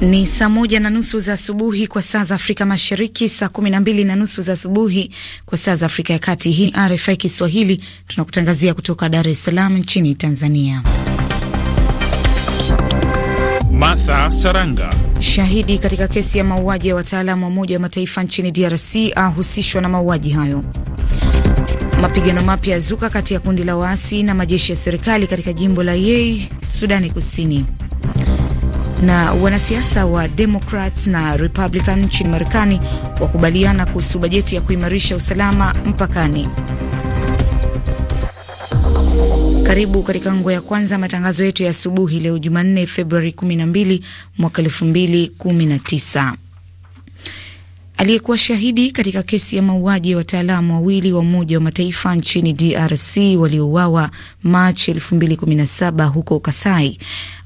Ni saa moja na nusu za asubuhi kwa saa za Afrika Mashariki, saa kumi na mbili na nusu za asubuhi kwa saa za Afrika ya Kati. Hii RFI Kiswahili, tunakutangazia kutoka Dar es Salaam nchini Tanzania. Martha Saranga. Shahidi katika kesi ya mauaji ya wataalamu wa Umoja wa Mataifa nchini DRC ahusishwa na mauaji hayo. Mapigano mapya yazuka kati ya kundi la waasi na majeshi ya serikali katika jimbo la Yei, Sudani Kusini na wanasiasa wa Democrats na Republican nchini Marekani wakubaliana kuhusu bajeti ya kuimarisha usalama mpakani. Karibu katika nguo ya kwanza, matangazo yetu ya asubuhi leo Jumanne, Februari 12 mwaka 2019 aliyekuwa shahidi katika kesi ya mauaji ya wataalamu wawili wa Umoja wa Mataifa nchini DRC waliouawa Machi 2017 huko Kasai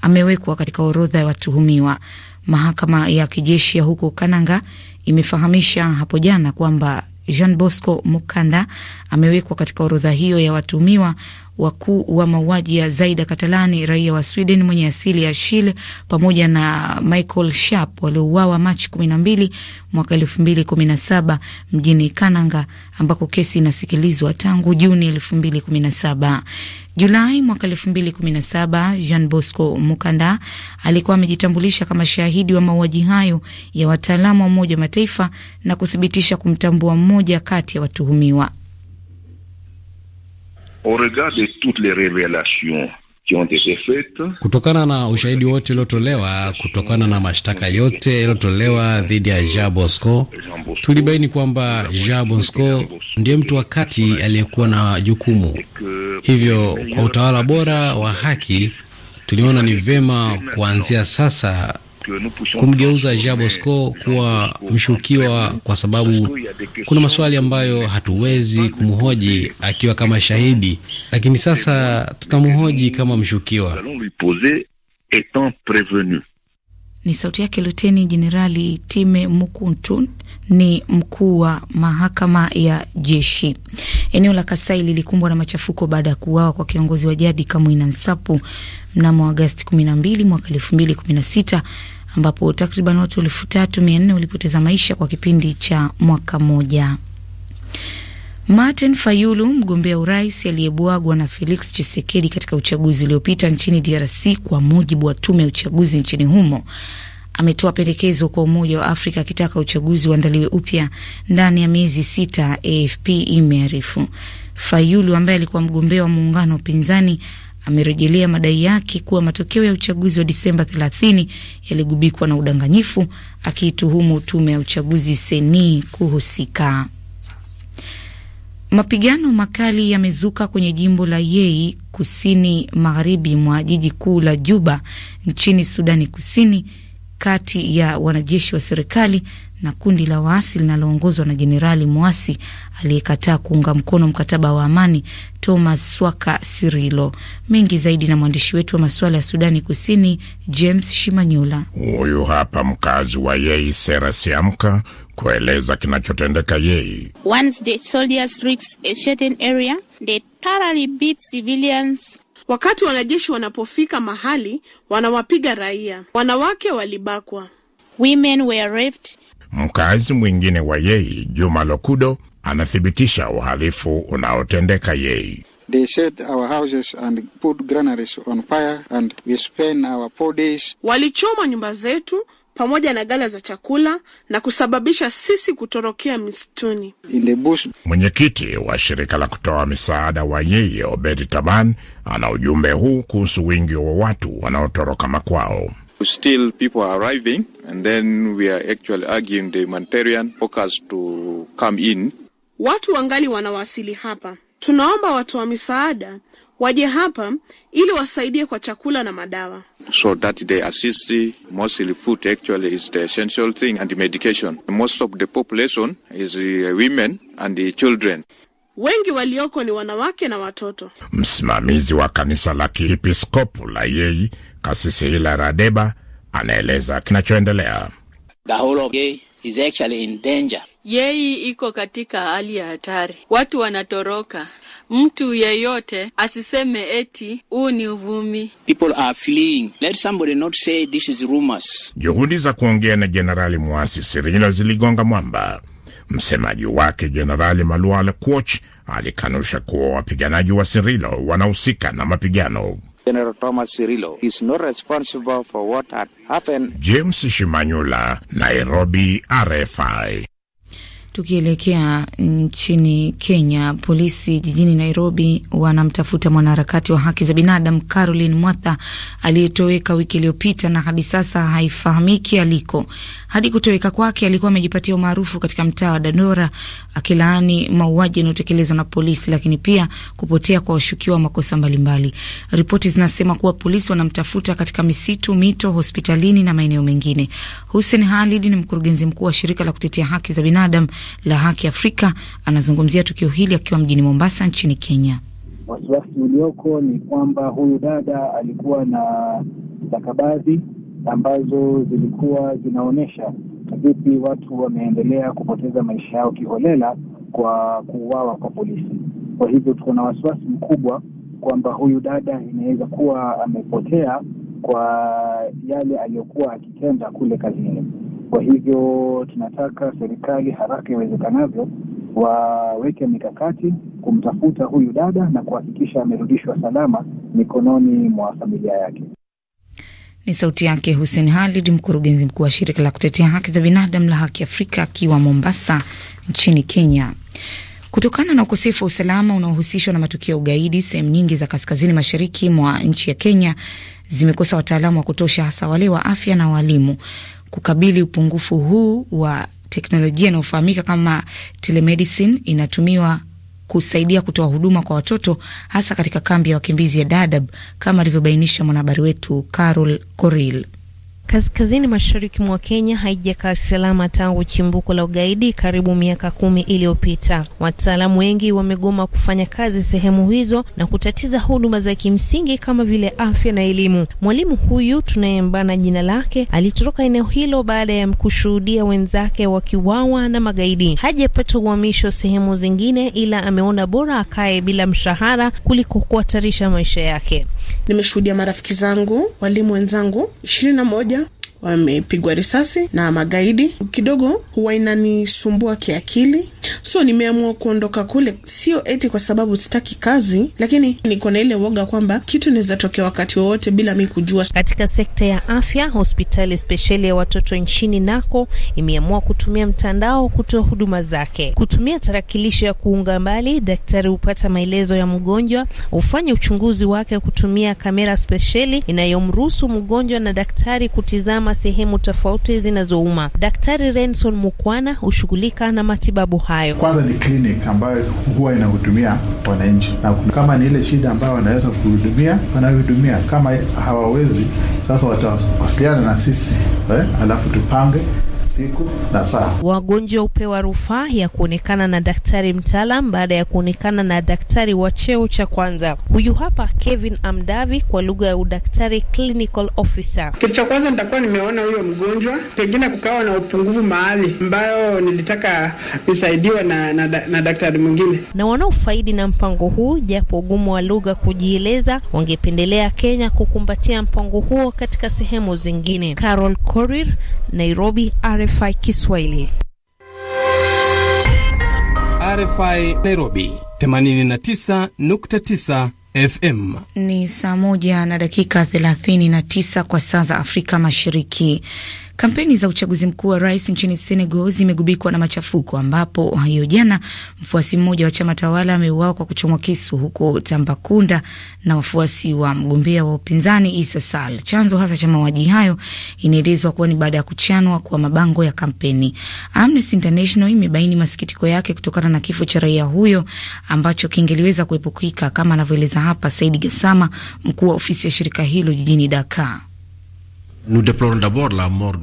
amewekwa katika orodha ya watuhumiwa. Mahakama ya kijeshi ya huko Kananga imefahamisha hapo jana kwamba Jean Bosco Mukanda amewekwa katika orodha hiyo ya watuhumiwa wakuu wa mauaji ya Zaida katalani raia wa Sweden mwenye asili ya shile pamoja na Michael Sharp waliouawa Machi 12 mwaka 2017 mjini Kananga, ambako kesi inasikilizwa tangu Juni 2017. Julai mwaka saba Jean Bosco Mukanda alikuwa amejitambulisha kama shahidi wa mauaji hayo ya wataalamu wa Umoja wa Mataifa na kuthibitisha kumtambua mmoja kati ya watuhumiwa au regard de toutes les révélations kutokana na ushahidi wote uliotolewa, kutokana na mashtaka yote yaliyotolewa dhidi ya Jean Bosco, tulibaini kwamba Jean Bosco ndiye mtu wa kati aliyekuwa na jukumu. Hivyo kwa utawala bora wa haki, tuliona ni vema kuanzia sasa kumgeuza Jean Bosco kuwa mshukiwa, kwa sababu kuna maswali ambayo hatuwezi kumhoji akiwa kama shahidi, lakini sasa tutamhoji kama mshukiwa. Ni sauti yake Luteni Jenerali Time Mukuntun, ni mkuu wa mahakama ya jeshi. Eneo la Kasai lilikumbwa na machafuko baada ya kuuawa kwa kiongozi wa jadi Kamwina Nsapu mnamo Agasti 12 mwaka 2016 ambapo takriban watu elfu tatu mia nne walipoteza maisha kwa kipindi cha mwaka mmoja. Martin Fayulu, mgombea urais aliyebwagwa na Felix Chisekedi katika uchaguzi uliopita nchini DRC, kwa mujibu wa tume ya uchaguzi nchini humo, ametoa pendekezo kwa Umoja wa Afrika akitaka uchaguzi uandaliwe upya ndani ya miezi sita. AFP imearifu Fayulu ambaye alikuwa mgombea wa muungano wa upinzani amerejelea madai yake kuwa matokeo ya uchaguzi wa Disemba 30 yaligubikwa na udanganyifu, akiituhumu tume ya uchaguzi seni kuhusika. Mapigano makali yamezuka kwenye jimbo la Yei kusini magharibi mwa jiji kuu la Juba nchini Sudani Kusini, kati ya wanajeshi wa serikali na kundi la waasi linaloongozwa na Jenerali mwasi aliyekataa kuunga mkono mkataba wa amani Thomas Swaka Sirilo. Mengi zaidi na mwandishi wetu wa masuala ya Sudani Kusini James Shimanyula. Huyu hapa mkazi wa Yei Sera Siamka kueleza kinachotendeka Yei. Once the soldiers reach a certain area, they thoroughly beat civilians. Wakati wanajeshi wanapofika mahali wanawapiga raia, wanawake walibakwa. Women were raped. Mkazi mwingine wa Yei, Juma Lokudo, anathibitisha uhalifu unaotendeka Yei. Walichoma nyumba zetu pamoja na gala za chakula na kusababisha sisi kutorokea misituni. Mwenyekiti wa shirika la kutoa misaada wa Yei, Obedi Taban, ana ujumbe huu kuhusu wingi wa watu wanaotoroka makwao still people are arriving and then we are actually arguing the humanitarian focus to come in. Watu wangali wanawasili hapa, tunaomba watu wa misaada waje hapa ili wasaidie kwa chakula na madawa. So that they assist mostly food actually is the essential thing and the medication. Most of the population is uh, women and the children. Wengi walioko ni wanawake na watoto. Msimamizi wa kanisa la kiepiskopu la Yei, Kasisi Hila Radeba, anaeleza kinachoendelea. Yei iko katika hali ya hatari, watu wanatoroka. Mtu yeyote asiseme eti huu ni uvumi. Juhudi za kuongea na Jenerali mwasi Sirila ziligonga mwamba. Msemaji wake Jenerali Maluale Kuoch alikanusha kuwa wapiganaji wa Sirilo wanahusika na mapigano. General Thomas Cirillo is not responsible for what had happened. James Shimanyula, Nairobi, RFI. Tukielekea nchini Kenya, polisi jijini Nairobi wanamtafuta mwanaharakati wa haki za binadamu Caroline Mwatha aliyetoweka wiki iliyopita na hadi sasa haifahamiki aliko. Hadi kutoweka kwake, alikuwa amejipatia umaarufu katika mtaa wa Dandora, akilaani mauaji yanayotekelezwa na polisi, lakini pia kupotea kwa washukiwa wa makosa mbalimbali. Ripoti zinasema kuwa polisi wanamtafuta katika misitu, mito, hospitalini na maeneo mengine. Hussein Khalid ni mkurugenzi mkuu wa shirika la kutetea haki za binadamu la Haki Afrika anazungumzia tukio hili akiwa mjini Mombasa nchini Kenya. Wasiwasi ulioko ni kwamba huyu dada alikuwa na stakabadhi ambazo zilikuwa zinaonyesha vipi watu wameendelea kupoteza maisha yao kiholela kwa kuuawa kwa polisi. Kwa hivyo tuko na wasiwasi mkubwa kwamba huyu dada inaweza kuwa amepotea kwa yale aliyokuwa akitenda kule kazini. Kwa hivyo tunataka serikali haraka iwezekanavyo waweke mikakati kumtafuta huyu dada na kuhakikisha amerudishwa salama mikononi mwa familia yake. Ni sauti yake Hussein Halid, mkurugenzi mkuu wa shirika la kutetea haki za binadamu la Haki Afrika, akiwa Mombasa nchini Kenya. Kutokana na ukosefu wa usalama unaohusishwa na matukio ya ugaidi, sehemu nyingi za kaskazini mashariki mwa nchi ya Kenya zimekosa wataalamu wa kutosha, hasa wale wa afya na waalimu kukabili upungufu huu wa teknolojia inayofahamika kama telemedicine inatumiwa kusaidia kutoa huduma kwa watoto hasa katika kambi ya wakimbizi ya Dadaab kama alivyobainisha mwanahabari wetu Carol Coril. Kaskazini mashariki mwa Kenya haijakaa salama tangu chimbuko la ugaidi karibu miaka kumi iliyopita. Wataalamu wengi wamegoma kufanya kazi sehemu hizo na kutatiza huduma za kimsingi kama vile afya na elimu. Mwalimu huyu tunayembana jina lake alitoroka eneo hilo baada ya kushuhudia wenzake wakiwawa na magaidi. Hajapata uhamisho sehemu zingine, ila ameona bora akae bila mshahara kuliko kuhatarisha maisha yake. Nimeshuhudia marafiki zangu, walimu wenzangu ishirini na moja wamepigwa risasi na magaidi. Kidogo huwa inanisumbua kiakili, so nimeamua kuondoka kule, sio eti kwa sababu sitaki kazi, lakini niko na ile woga kwamba kitu inaweza tokea wakati wowote bila mi kujua. Katika sekta ya afya, hospitali spesheli ya watoto nchini nako imeamua kutumia mtandao kutoa huduma zake. Kutumia tarakilishi ya kuunga mbali, daktari hupata maelezo ya mgonjwa, hufanye uchunguzi wake kutumia kamera spesheli inayomruhusu mgonjwa na daktari kutizama sehemu tofauti zinazouma. Daktari Renson Mukwana hushughulika na matibabu hayo. Kwanza ni klinik ambayo huwa inahudumia wananchi, na kama ni ile shida ambayo wanaweza kuhudumia, wanahudumia. Kama hawawezi, sasa watawasiliana na sisi eh, alafu tupange siku na saa. Wagonjwa hupewa rufaa ya kuonekana na daktari mtaalam baada ya kuonekana na daktari wa cheo cha kwanza. Huyu hapa Kevin Amdavi kwa lugha ya udaktari clinical officer. Kitu cha kwanza nitakuwa nimeona huyo mgonjwa, pengine kukawa na upungufu mahali ambayo nilitaka nisaidiwe na, na, na, na daktari mwingine. Na wanaofaidi na mpango huu, japo ugumu wa lugha kujieleza, wangependelea Kenya kukumbatia mpango huo katika sehemu zingine. Carol Korir, Nairobi, RFI. RFI Kiswahili. RFI Nairobi 89.9 FM. Ni saa moja na dakika 39 kwa saa za Afrika Mashariki. Kampeni za uchaguzi mkuu wa rais nchini Senegal zimegubikwa na machafuko, ambapo hiyo jana mfuasi mmoja wa chama tawala ameuawa kwa kuchomwa kisu huko Tambakunda na wafuasi wa mgombea wa upinzani Issa Sall. Chanzo hasa cha mauaji hayo inaelezwa kuwa ni baada ya kuchanwa kwa mabango ya kampeni. Amnesty International imebaini masikitiko yake kutokana na kifo cha raia huyo ambacho kingeliweza kuepukika, kama anavyoeleza hapa Saidi gasama mkuu wa ofisi ya shirika hilo jijini Dakar.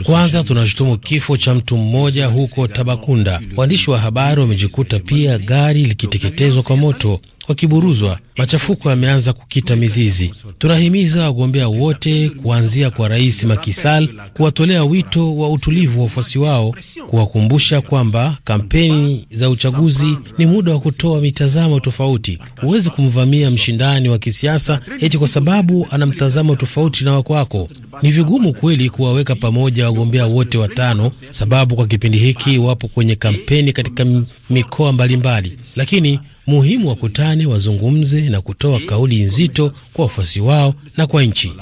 Kwanza tunashutumu kifo cha mtu mmoja huko Tabakunda. Waandishi wa habari wamejikuta pia gari likiteketezwa kwa moto wakiburuzwa. Machafuko yameanza kukita mizizi. Tunahimiza wagombea wote kuanzia kwa Rais Makisal kuwatolea wito wa utulivu wa wafuasi wao, kuwakumbusha kwamba kampeni za uchaguzi ni muda wa kutoa mitazamo tofauti. Huwezi kumvamia mshindani wa kisiasa eti kwa sababu ana mtazamo tofauti na wako wako. Ni vigumu kweli kuwaweka pamoja wagombea wote watano, sababu kwa kipindi hiki wapo kwenye kampeni katika mikoa mbalimbali mbali. Lakini muhimu wakutane, wazungumze na kutoa kauli nzito kwa wafuasi wao na kwa nchi.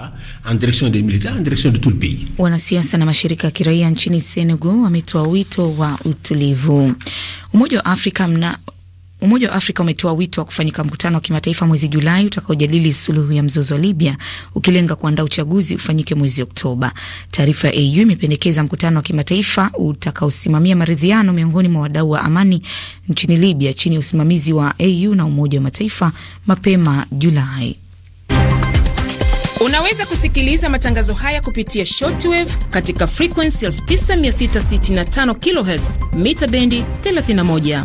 Wanasiasa na mashirika ya kiraia nchini Senegal wametoa wito wa utulivu. Umoja wa Afrika mna Umoja wa Afrika umetoa wito wa kufanyika mkutano wa kimataifa mwezi Julai utakaojadili suluhu ya mzozo wa Libya, ukilenga kuandaa uchaguzi ufanyike mwezi Oktoba. Taarifa ya AU imependekeza mkutano wa kimataifa utakaosimamia maridhiano miongoni mwa wadau wa amani nchini Libya chini ya usimamizi wa AU na Umoja wa Mataifa mapema Julai. Unaweza kusikiliza matangazo haya kupitia shortwave katika frequency 9665 kHz mita bendi 31.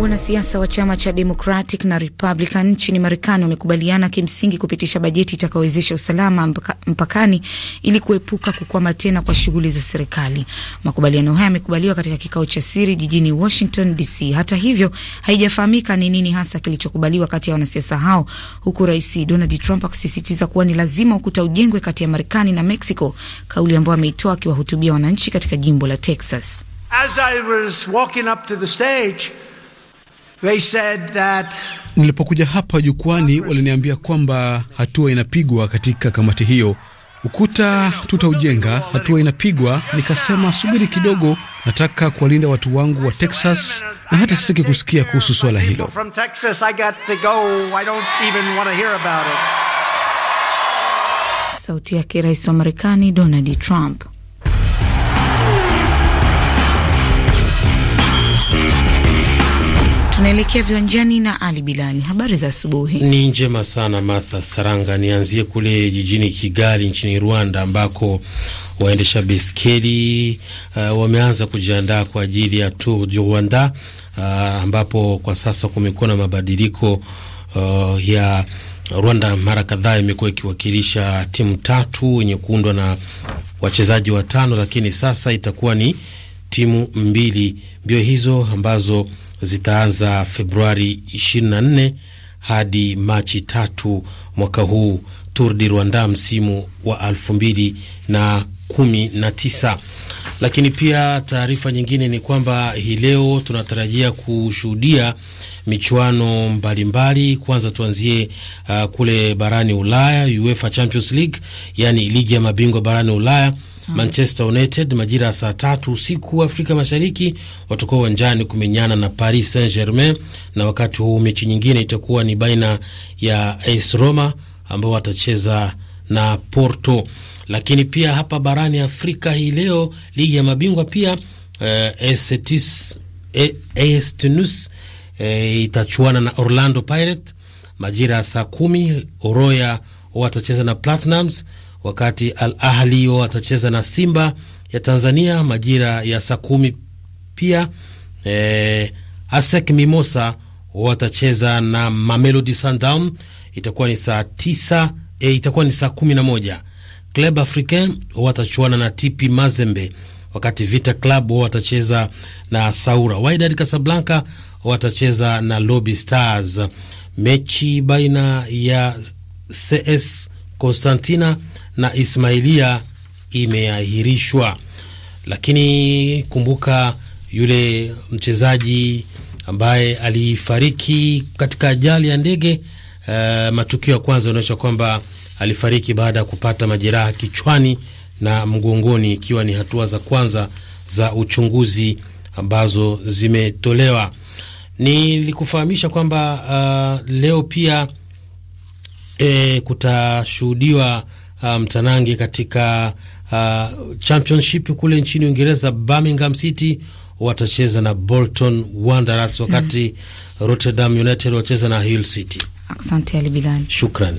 Wanasiasa wa chama cha Democratic na Republican nchini Marekani wamekubaliana kimsingi kupitisha bajeti itakayowezesha usalama mpakani ili kuepuka kukwama tena kwa shughuli za serikali. Makubaliano haya yamekubaliwa katika kikao cha siri jijini Washington DC. Hata hivyo, haijafahamika ni nini hasa kilichokubaliwa kati ya wanasiasa hao, huku Rais Donald Trump akisisitiza kuwa ni lazima ukuta ujengwe kati ya Marekani na Mexico, kauli ambayo ameitoa akiwahutubia wananchi katika jimbo la Texas. As I was walking up to the stage, They said that... nilipokuja hapa jukwani waliniambia kwamba hatua inapigwa katika kamati hiyo, ukuta tutaujenga, hatua inapigwa. Nikasema subiri kidogo, nataka kuwalinda watu wangu wa Texas na hata sitaki kusikia kuhusu swala hilo. Sauti yake rais wa Marekani Donald Trump. Tunaelekea viwanjani na Ali Bilali. Habari za asubuhi. Ni njema sana Martha Saranga. Nianzie kule jijini Kigali nchini Rwanda ambako waendesha baiskeli uh, wameanza kujiandaa kwa ajili ya Tour du Rwanda uh, ambapo kwa sasa kumekuwa na mabadiliko uh, ya Rwanda mara kadhaa imekuwa ikiwakilisha timu tatu yenye kuundwa na wachezaji watano, lakini sasa itakuwa ni timu mbili. Mbio hizo ambazo zitaanza Februari 24 hadi Machi tatu mwaka huu Tour di Rwanda msimu wa 219 Lakini pia taarifa nyingine ni kwamba hii leo tunatarajia kushuhudia michuano mbalimbali. Kwanza tuanzie uh, kule barani Ulaya, UEFA Champions League, yaani ligi ya mabingwa barani Ulaya Mm. Manchester United majira ya saa tatu usiku Afrika Mashariki watakuwa uwanjani kumenyana na Paris Saint Germain, na wakati huu mechi nyingine itakuwa ni baina ya AS Roma ambao watacheza na Porto. Lakini pia hapa barani Afrika hii leo ligi ya mabingwa pia eh, AS Tunis eh, itachuana na Orlando Pirates majira ya saa kumi. Oroya watacheza na Platinums wakati Al Ahli watacheza na Simba ya Tanzania majira ya saa kumi. Pia e, ASEC Mimosa watacheza na Mamelodi Sundown itakuwa ni saa tisa, e, itakuwa ni saa kumi na moja. Club Africain watachuana na TP Mazembe wakati Vita Club watacheza na Saura. Wydad Casablanca watacheza na Lobi Stars. Mechi baina ya CS Constantina na Ismailia imeahirishwa. Lakini kumbuka yule mchezaji ambaye alifariki katika ajali ya ndege. Uh, matukio ya kwanza yanaonyesha kwamba alifariki baada ya kupata majeraha kichwani na mgongoni, ikiwa ni hatua za kwanza za uchunguzi ambazo zimetolewa. Nilikufahamisha kwamba uh, leo pia e, kutashuhudiwa Ah, mtanange um, katika uh, championship kule nchini Uingereza, Birmingham City watacheza na Bolton Wanderers, wakati mm. Rotterdam United wacheza na Hull City. Asante Ali Shukrani. shukran.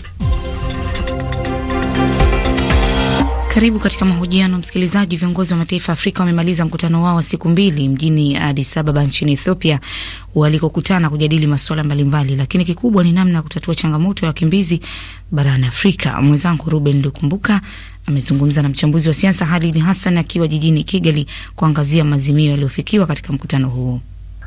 Karibu katika mahojiano msikilizaji. Viongozi wa mataifa ya Afrika wamemaliza mkutano wao wa siku mbili mjini Addis Ababa nchini Ethiopia, walikokutana kujadili masuala mbalimbali, lakini kikubwa ni namna ya kutatua changamoto ya wakimbizi barani Afrika. Mwenzangu Ruben Lukumbuka amezungumza na mchambuzi wa siasa Halid Hassan akiwa jijini Kigali kuangazia maazimio yaliyofikiwa katika mkutano huo.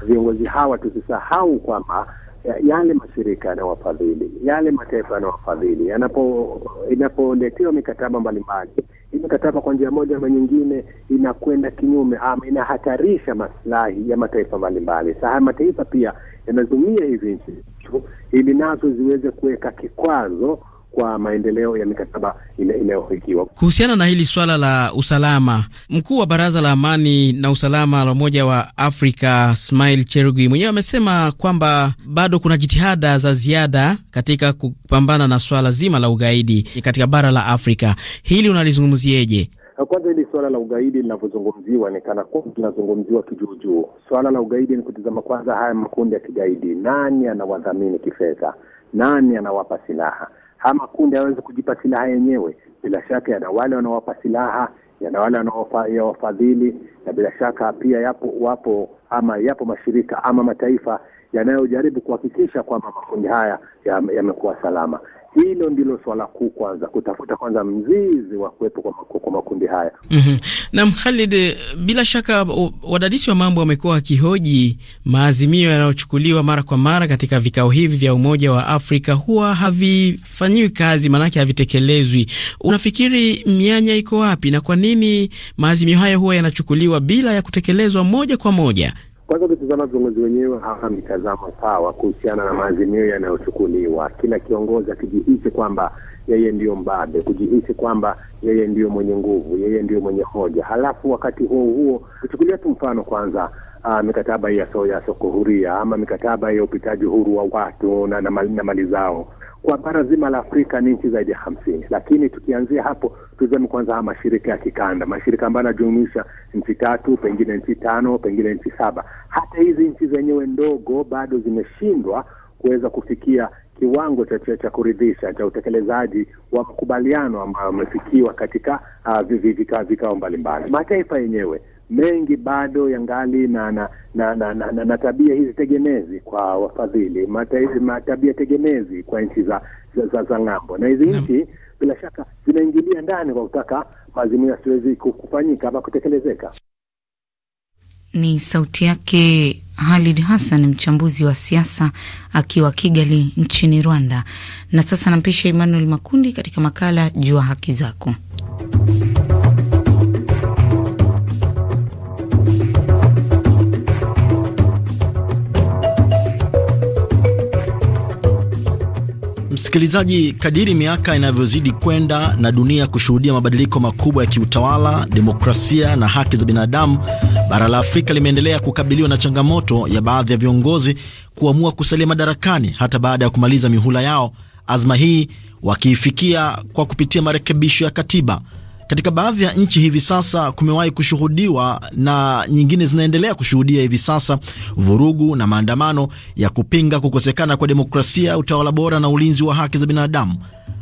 Viongozi hawa tusisahau kwamba eh, yale mashirika yanawafadhili, yale mataifa yanawafadhili, yanapo inapoletewa mikataba mbalimbali hii mikataba kwa njia moja ama nyingine inakwenda kinyume ama inahatarisha maslahi ya mataifa mbalimbali. Sasa mataifa pia yanazumia hivi nchi ili nazo ziweze kuweka kikwazo kwa maendeleo ya mikataba inayofikiwa. Kuhusiana na hili swala la usalama, mkuu wa baraza la amani na usalama la Umoja wa Afrika Smail cherugi mwenyewe amesema kwamba bado kuna jitihada za ziada katika kupambana na swala zima la ugaidi katika bara la Afrika. Hili unalizungumzieje? Kwanza hili suala la ugaidi linavyozungumziwa ni kana kwamba linazungumziwa kijuujuu. Suala la ugaidi ni kutizama kwanza haya makundi ya kigaidi, nani anawadhamini kifedha, nani anawapa silaha Haya makundi hayawezi kujipa silaha yenyewe, bila shaka yana wale wanaowapa silaha, yana wale wanaowafadhili, na bila shaka pia yapo wapo ama yapo mashirika ama mataifa yanayojaribu kuhakikisha kwamba makundi haya yamekuwa ya salama. Hilo ndilo swala kuu, kwanza kutafuta kwanza mzizi wa kuwepo kwa, kwa makundi haya. mm -hmm. Naam Khalid, bila shaka wadadisi wa mambo wamekuwa wakihoji maazimio yanayochukuliwa mara kwa mara katika vikao hivi vya Umoja wa Afrika huwa havifanyiwi kazi, maanake havitekelezwi. Unafikiri mianya iko wapi na kwa nini maazimio hayo huwa yanachukuliwa bila ya kutekelezwa moja kwa moja? Kwanza ukitizama viongozi wenyewe hawana mitazamo sawa kuhusiana na maazimio yanayochukuliwa. Kila kiongozi akijihisi kwamba yeye ndiyo mbabe, kujihisi kwamba yeye ndiyo mwenye nguvu, yeye ndiyo mwenye hoja. Halafu wakati huo huo, kuchukulia tu mfano kwanza Uh, mikataba ya so, ya soko huria ama mikataba ya upitaji huru wa watu na, na, na mali zao kwa bara zima la Afrika ni nchi zaidi ya hamsini, lakini tukianzia hapo tuseme kwanza haya mashirika ya kikanda, mashirika ambayo yanajumuisha nchi tatu, pengine nchi tano, pengine nchi saba. Hata hizi nchi zenyewe ndogo bado zimeshindwa kuweza kufikia kiwango cha cha kuridhisha cha utekelezaji wa makubaliano ambayo amefikiwa katika uh, vikao mbalimbali. Mataifa yenyewe mengi bado yangali na na na, na, na, na, na tabia hizi tegemezi kwa wafadhili, matabia tegemezi kwa nchi za za, za, za ng'ambo na hizi nchi bila shaka zinaingilia ndani kwa kutaka maazimio yasiwezi kufanyika ama kutekelezeka. Ni sauti yake Halid Hassan, mchambuzi wa siasa akiwa Kigali nchini Rwanda. Na sasa nampisha Emmanuel Makundi katika makala Jua Haki Zako. Msikilizaji, kadiri miaka inavyozidi kwenda na dunia kushuhudia mabadiliko makubwa ya kiutawala, demokrasia na haki za binadamu, bara la Afrika limeendelea kukabiliwa na changamoto ya baadhi ya viongozi kuamua kusalia madarakani hata baada ya kumaliza mihula yao, azma hii wakiifikia kwa kupitia marekebisho ya katiba katika baadhi ya nchi hivi sasa kumewahi kushuhudiwa na nyingine zinaendelea kushuhudia hivi sasa vurugu na maandamano ya kupinga kukosekana kwa demokrasia, utawala bora na ulinzi wa haki za binadamu.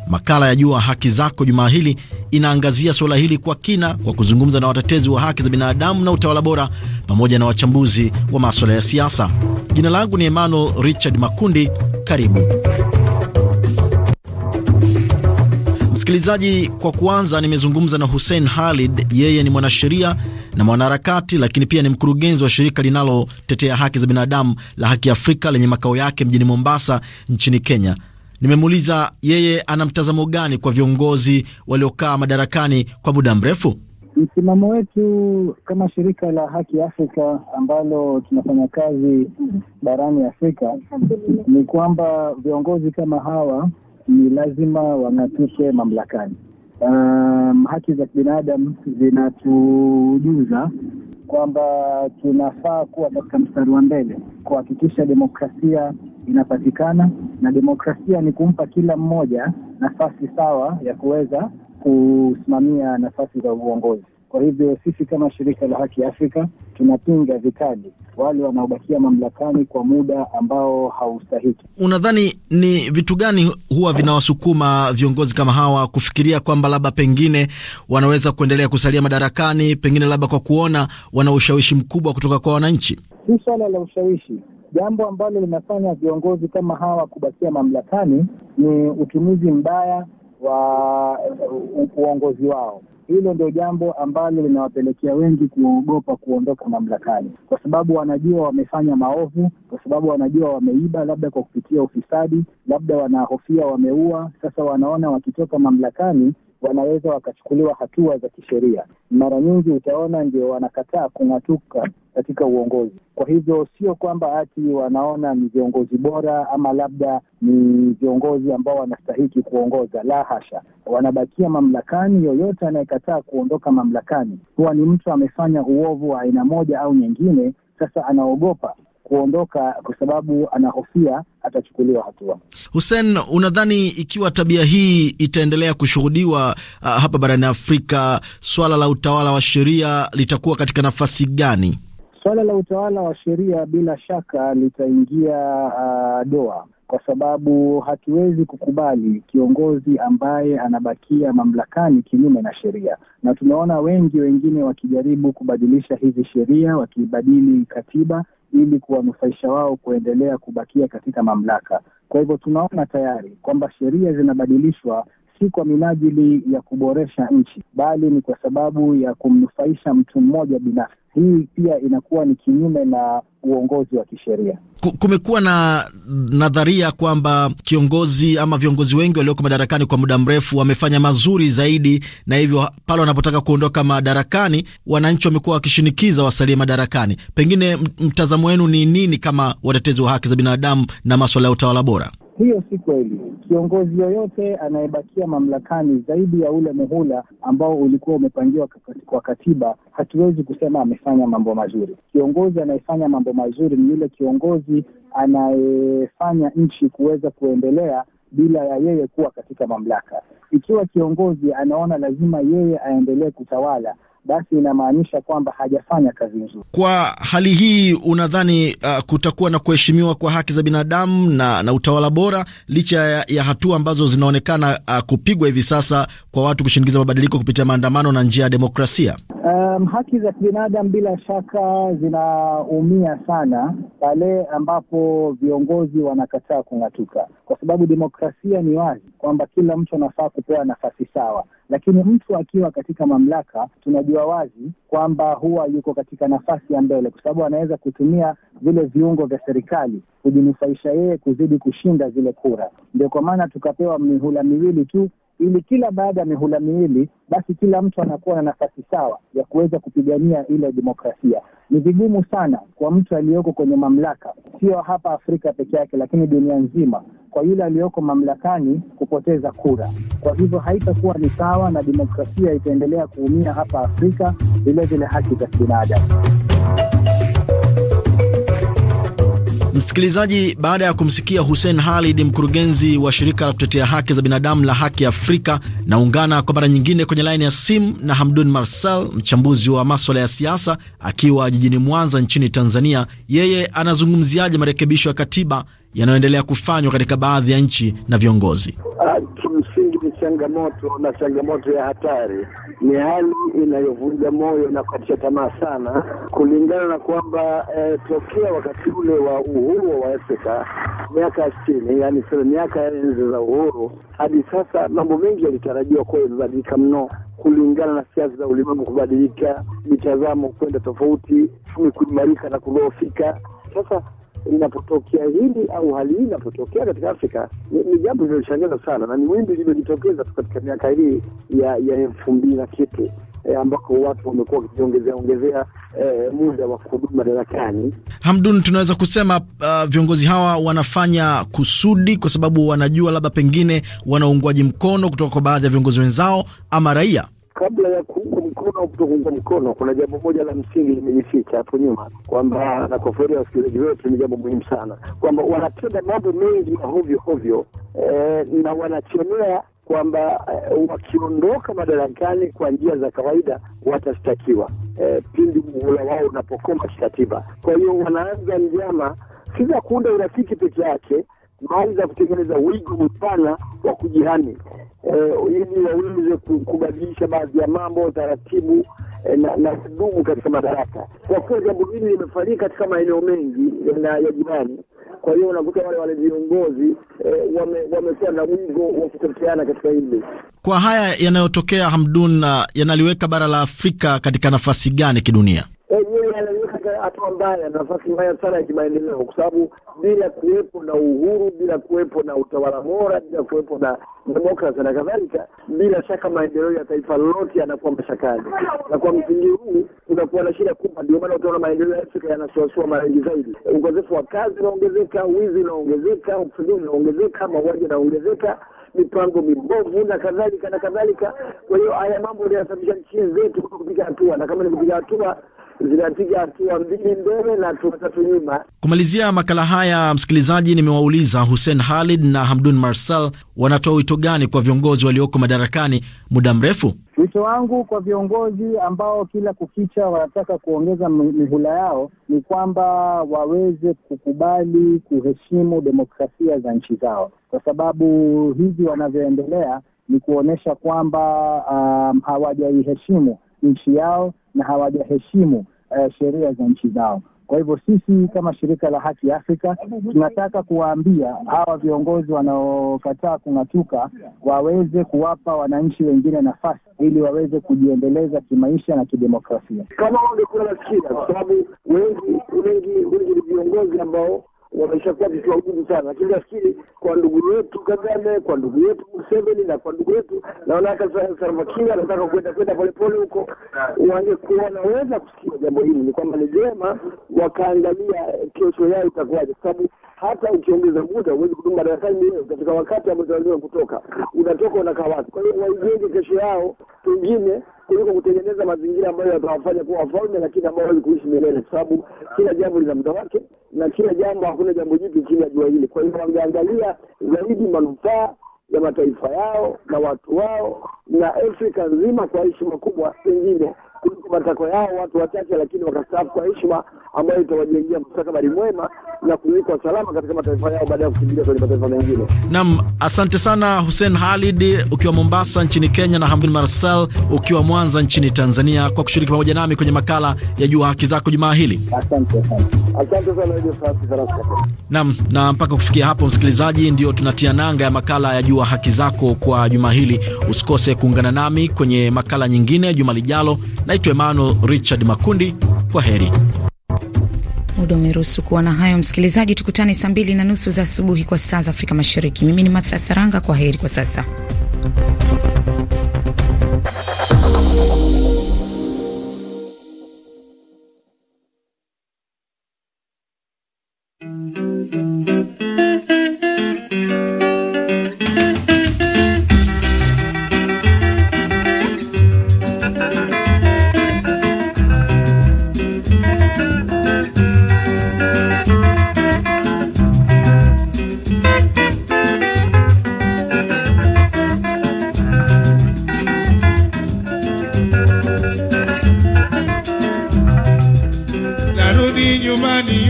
Makala ya Jua Haki Zako jumaa hili inaangazia suala hili kwa kina kwa kuzungumza na watetezi wa haki za binadamu na utawala bora pamoja na wachambuzi wa maswala ya siasa. Jina langu ni Emmanuel Richard Makundi. Karibu. Msikilizaji, kwa kuanza, nimezungumza na Hussein Khalid. Yeye ni mwanasheria na mwanaharakati, lakini pia ni mkurugenzi wa shirika linalotetea haki za binadamu la Haki Afrika lenye makao yake mjini Mombasa nchini Kenya. Nimemuuliza yeye ana mtazamo gani kwa viongozi waliokaa madarakani kwa muda mrefu. Msimamo wetu kama shirika la Haki Afrika ambalo tunafanya kazi barani Afrika ni kwamba viongozi kama hawa ni lazima wang'atuke mamlakani. Um, haki za kibinadamu zinatujuza kwamba tunafaa kuwa katika mstari wa mbele kuhakikisha demokrasia inapatikana, na demokrasia ni kumpa kila mmoja nafasi sawa ya kuweza kusimamia nafasi za uongozi. Kwa hivyo sisi kama shirika la Haki Afrika tunapinga vikali wale wanaobakia mamlakani kwa muda ambao haustahiki. Unadhani ni vitu gani huwa vinawasukuma viongozi kama hawa kufikiria kwamba labda pengine wanaweza kuendelea kusalia madarakani, pengine labda kwa kuona wana ushawishi mkubwa kutoka kwa wananchi? Si swala la ushawishi. Jambo ambalo linafanya viongozi kama hawa kubakia mamlakani ni utumizi mbaya wa uongozi wao. Hilo ndio jambo ambalo linawapelekea wengi kuogopa kuondoka mamlakani, kwa sababu wanajua wamefanya maovu, kwa sababu wanajua wameiba, labda kwa kupitia ufisadi, labda wanahofia wameua. Sasa wanaona wakitoka mamlakani wanaweza wakachukuliwa hatua za kisheria. Mara nyingi utaona ndio wanakataa kung'atuka katika uongozi. Kwa hivyo sio kwamba ati wanaona ni viongozi bora ama labda ni viongozi ambao wanastahiki kuongoza, la hasha, wanabakia mamlakani. Yoyote anayekataa kuondoka mamlakani huwa ni mtu amefanya uovu wa aina moja au nyingine. Sasa anaogopa kuondoka kwa sababu anahofia atachukuliwa hatua. Hussein, unadhani ikiwa tabia hii itaendelea kushuhudiwa uh, hapa barani Afrika, swala la utawala wa sheria litakuwa katika nafasi gani? Swala la utawala wa sheria bila shaka litaingia uh, doa kwa sababu hatuwezi kukubali kiongozi ambaye anabakia mamlakani kinyume na sheria, na tumeona wengi wengine wakijaribu kubadilisha hizi sheria, wakibadili katiba ili kuwanufaisha wao kuendelea kubakia katika mamlaka. Kwa hivyo tunaona tayari kwamba sheria zinabadilishwa si kwa minajili ya kuboresha nchi, bali ni kwa sababu ya kumnufaisha mtu mmoja binafsi. Hii pia inakuwa ni kinyume na uongozi wa kisheria. Kumekuwa na nadharia kwamba kiongozi ama viongozi wengi walioko madarakani kwa muda mrefu wamefanya mazuri zaidi, na hivyo pale wanapotaka kuondoka madarakani, wananchi wamekuwa wakishinikiza wasalie madarakani. Pengine mtazamo wenu ni nini kama watetezi wa haki za binadamu na maswala ya utawala bora? Hiyo si kweli. Kiongozi yoyote anayebakia mamlakani zaidi ya ule muhula ambao ulikuwa umepangiwa kwa katiba, hatuwezi kusema amefanya mambo mazuri. Kiongozi anayefanya mambo mazuri ni yule kiongozi anayefanya nchi kuweza kuendelea bila ya yeye kuwa katika mamlaka. Ikiwa kiongozi anaona lazima yeye aendelee kutawala, basi inamaanisha kwamba hajafanya kazi nzuri. Kwa hali hii, unadhani uh, kutakuwa na kuheshimiwa kwa haki za binadamu na, na utawala bora licha ya, ya hatua ambazo zinaonekana uh, kupigwa hivi sasa kwa watu kushinikiza mabadiliko kupitia maandamano na njia ya demokrasia? Um, haki za kibinadamu bila shaka zinaumia sana pale ambapo viongozi wanakataa kung'atuka, kwa sababu demokrasia ni wazi kwamba kila mtu anafaa kupewa nafasi sawa lakini mtu akiwa katika mamlaka, tunajua wazi kwamba huwa yuko katika nafasi ya mbele, kwa sababu anaweza kutumia vile viungo vya serikali kujinufaisha yeye kuzidi kushinda zile kura. Ndio kwa maana tukapewa mihula miwili tu ili kila baada ya mihula miwili basi kila mtu anakuwa na nafasi sawa ya kuweza kupigania ile demokrasia. Ni vigumu sana kwa mtu aliyoko kwenye mamlaka, sio hapa Afrika peke yake, lakini dunia nzima, kwa yule aliyoko mamlakani kupoteza kura. Kwa hivyo haitakuwa ni sawa, na demokrasia itaendelea kuumia hapa Afrika, vilevile haki za kibinadamu. Msikilizaji, baada ya kumsikia Hussein Halid, mkurugenzi wa shirika la kutetea haki za binadamu la Haki Afrika, naungana kwa mara nyingine kwenye laini ya simu na Hamdun Marsal, mchambuzi wa maswala ya siasa, akiwa jijini Mwanza nchini Tanzania. Yeye anazungumziaje marekebisho ya katiba yanayoendelea kufanywa katika baadhi ya nchi na viongozi? Ah, changamoto na changamoto ya hatari. Ni hali inayovunja moyo na kukatisha tamaa sana, kulingana na kwamba eh, tokea wakati ule wa uhuru wa Afrika miaka ya sitini, yani miaka ya enzi za uhuru hadi sasa, mambo mengi yalitarajiwa kuwa yamebadilika mno kulingana na siasa za ulimwengu kubadilika, mitazamo kwenda tofauti, uchumi kuimarika na kudhoofika. Sasa inapotokea hili au hali hii inapotokea katika Afrika ni jambo linaloshangaza sana, na ni wimbi lililojitokeza tu katika miaka hii ya ya elfu mbili na kitu E, ambako watu wamekuwa wakijiongezea ongezea e, muda wa kuhudumu madarakani. Hamdun, tunaweza kusema uh, viongozi hawa wanafanya kusudi kwa sababu wanajua labda pengine wanaungwaji mkono kutoka kwa baadhi ya viongozi wenzao ama raia kabla ya kuunga mkono au kutokuunga mkono, kuna jambo moja la msingi limejificha hapo nyuma, kwamba na kuwafuria wasikilizaji wetu ni jambo muhimu sana, kwamba wanatenda mambo mengi mahovyo hovyo eh, na wanachemea kwamba eh, wakiondoka madarakani kwa njia za kawaida watashtakiwa eh, pindi muhula wao unapokoma kikatiba. Kwa hiyo wanaanza njama si za kuunda urafiki peke yake, bali za kutengeneza wigo mpana wa kujihami Eh, ili waweze kubadilisha baadhi ya mambo taratibu eh, na kudumu katika madaraka. Kwa kuwa jambo hili limefanyika katika maeneo mengi eh, ya jirani. Kwa hiyo unakuta wale wale viongozi wamekuwa na wigo wa kutofautiana katika hili. Kwa haya yanayotokea, Hamdun, yanaliweka bara la Afrika katika nafasi gani kidunia? katika hatua mbaya, nafasi mbaya sana ya kimaendeleo, kwa sababu bila kuwepo na uhuru, bila kuwepo na utawala bora, bila kuwepo na demokrasia na kadhalika, bila shaka maendeleo ya taifa lolote yanakuwa mashakani, na kwa msingi huu kunakuwa na shida kubwa. Ndio maana utaona maendeleo ya Afrika yanasuasua mara nyingi zaidi. Ukosefu wa kazi unaongezeka, wizi unaongezeka, ufisadi unaongezeka, mauaji yanaongezeka mipango mibovu na kadhalika na kadhalika. Kwa hiyo haya mambo yanasababisha nchi zetu kupiga hatua, na kama ni kupiga hatua zinapiga hatua mbili mbele na hatua tatu nyuma. Kumalizia makala haya, msikilizaji, nimewauliza Hussein Khalid na Hamdun Marsal wanatoa wito gani kwa viongozi walioko madarakani muda mrefu. Wito wangu kwa viongozi ambao kila kukicha wanataka kuongeza mihula yao ni kwamba waweze kukubali kuheshimu demokrasia za nchi zao, kwa sababu hivi wanavyoendelea ni kuonyesha kwamba um, hawajaiheshimu nchi yao na hawajaheshimu uh, sheria za nchi zao. Kwa hivyo sisi kama shirika la Haki Afrika tunataka kuwaambia hawa viongozi wanaokataa kung'atuka waweze kuwapa wananchi wengine nafasi ili waweze kujiendeleza kimaisha na kidemokrasia, kama wangekuwa nasikia, kwa sababu wengi wengi wengi ni viongozi ambao wameshakuwa visiwa gumu sana, lakini nafikiri kwa ndugu yetu Kagame, kwa ndugu yetu Museveni na kwa ndugu yetu naona hata Salva Kiir anataka kwenda kwenda polepole huko, wangekuwa wanaweza kusikia jambo hili, ni kwamba ni jema wakaangalia kesho yao itakuwaje, kwa sababu hata ukiongeza muda huwezi kudumu madarakani milele, katika wakati ambao kutoka, unatoka unakaa wapi? Kwa hiyo waijenge kesho yao pengine kuliko kutengeneza mazingira ambayo yatawafanya kuwa wafalme, lakini ambao hawezi kuishi milele, kwa sababu kila jambo lina muda wake na kila jambo, hakuna jambo jipi chini ya jua hili. Kwa hiyo wangeangalia zaidi manufaa ya mataifa yao na watu wao na Afrika nzima kwa heshima kubwa, pengine kuliko matakwa yao watu wachache, lakini wakastaafu kwa heshima ambayo itawajengia mustakabali mwema na kuwekwa salama katika mataifa yao baada ya kukimbilia kwenye mataifa mengine. Naam, asante sana Hussein Halid ukiwa Mombasa nchini Kenya na Hamdul Marsal ukiwa Mwanza nchini Tanzania kwa kushiriki pamoja nami kwenye makala ya Jua Haki Zako jumaa hili. Asante sana, asante sana Radio France Internationale. Naam, na mpaka kufikia hapo, msikilizaji, ndio tunatia nanga ya makala ya Jua Haki Zako kwa jumaa hili. Usikose kuungana nami kwenye makala nyingine juma lijalo na Naitwa Emmanuel Richard Makundi, kwa heri. Muda umeruhusu kuwa na hayo, msikilizaji. Tukutane saa mbili na nusu za asubuhi kwa saa za Afrika Mashariki. Mimi ni Matha Saranga, kwa heri kwa sasa.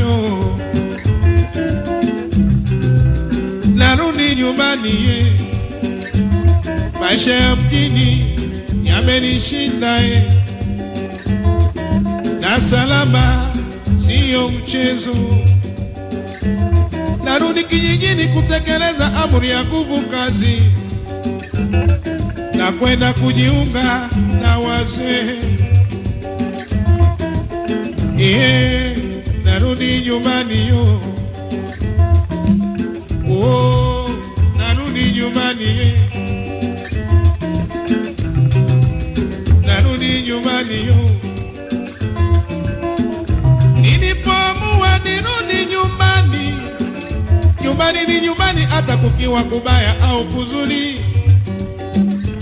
o narudi nyumbani ye maisha ya mjini yamenishindae na salama siyo mchezo narudi kijijini kutekeleza amri ya nguvu kazi na kwenda kujiunga na wazee yeah narudi nyumbani yo oh, narudi nyumbani narudi nyumbani yo nilipomua nirudi nyumbani nyumbani ni nyumbani hata kukiwa kubaya au kuzuri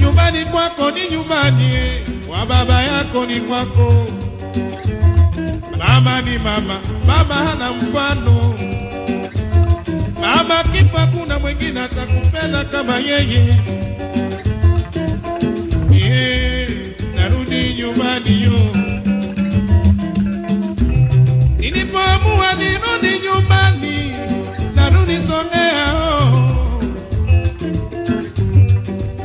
nyumbani kwako ni nyumbani ye, kwa baba yako ni kwako Mama ni mama, mama hana mfano. Mama kifa, kuna mwingine atakupenda kama yeye. Yeah, narudi nyumbani yo, nilipoamua nirudi nyumbani, narudi Songea ho.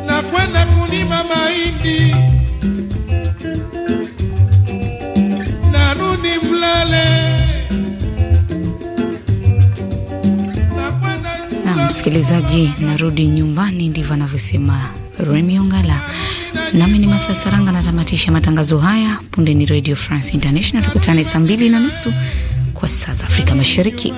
na kwenda kulima mahindi na msikilizaji, narudi nyumbani, ndivyo anavyosema Remi Ongala. Nami ni Matha Saranga, natamatisha matangazo haya. Punde ni Radio France International, tukutane saa mbili na nusu kwa saa za Afrika Mashariki.